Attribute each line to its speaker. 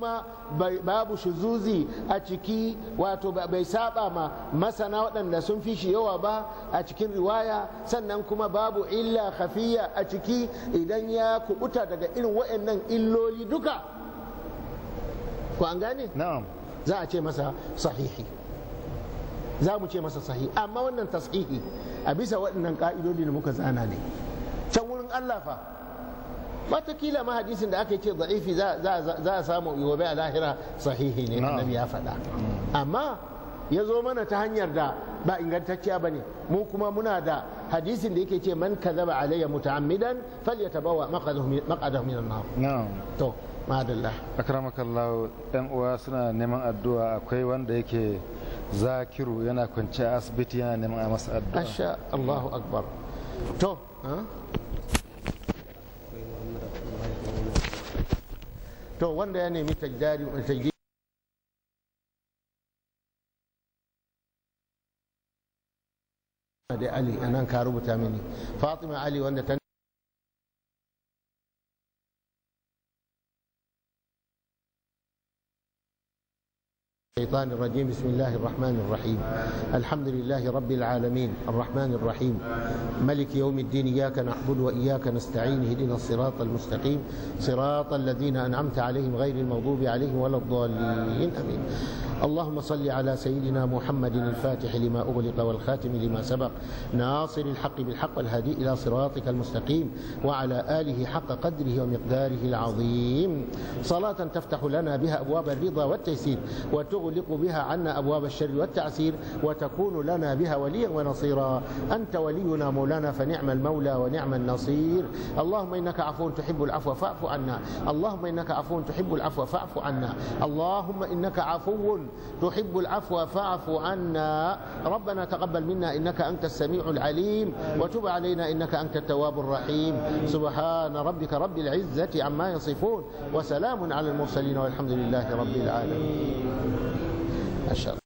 Speaker 1: kuma babu shuzuzi a ciki wato bai saba ma masana waɗanda sun fi shi yawa ba a cikin riwaya sannan kuma babu illa hafiya a ciki idan ya kubuta daga irin waɗannan illoli duka ku an gane za a ce masa sahihi za mu ce masa sahihi amma wannan tasihi a bisa waɗannan ƙa'idodi da muka zana ne can wurin allafa. matakila ma hadisin da aka ce zaifi za a samu gobe a lahira sahihi ne annabi ya faɗa mm. amma ya zo mana ta hanyar da ba ingantacciya ba ne mu kuma muna da hadisin da yake ce man kazaba alayya muta'ammidan falyatabawa maqadahu minan nar to madallah akramakallahu ɗan uwa suna neman addu'a akwai wanda yake zakiru yana kwanciya asibiti yana neman a masa addu'a asha Allahu akbar to to wanda ya nemi tajdari da Ali anan ka rubuta mini Fatima Ali wanda ta الشيطان الرجيم بسم الله الرحمن الرحيم الحمد لله رب العالمين الرحمن الرحيم ملك يوم الدين إياك نعبد وإياك نستعين اهدنا الصراط المستقيم صراط الذين أنعمت عليهم غير المغضوب عليهم ولا الضالين أمين اللهم صل على سيدنا محمد الفاتح لما أغلق والخاتم لما سبق ناصر الحق بالحق والهادي إلى صراطك المستقيم وعلى آله حق قدره ومقداره العظيم صلاة تفتح لنا بها أبواب الرضا والتيسير وتغ يغلق بها عنا أبواب الشر والتعسير وتكون لنا بها وليا ونصيرا أنت ولينا مولانا فنعم المولى ونعم النصير اللهم إنك عفو تحب العفو فاعف عنا اللهم إنك عفو تحب العفو فاعف عنا اللهم إنك عفو تحب العفو فاعف عنا ربنا تقبل منا إنك أنت السميع العليم وتب علينا إنك أنت التواب الرحيم سبحان ربك رب العزة عما يصفون وسلام على المرسلين والحمد لله رب العالمين Hashem.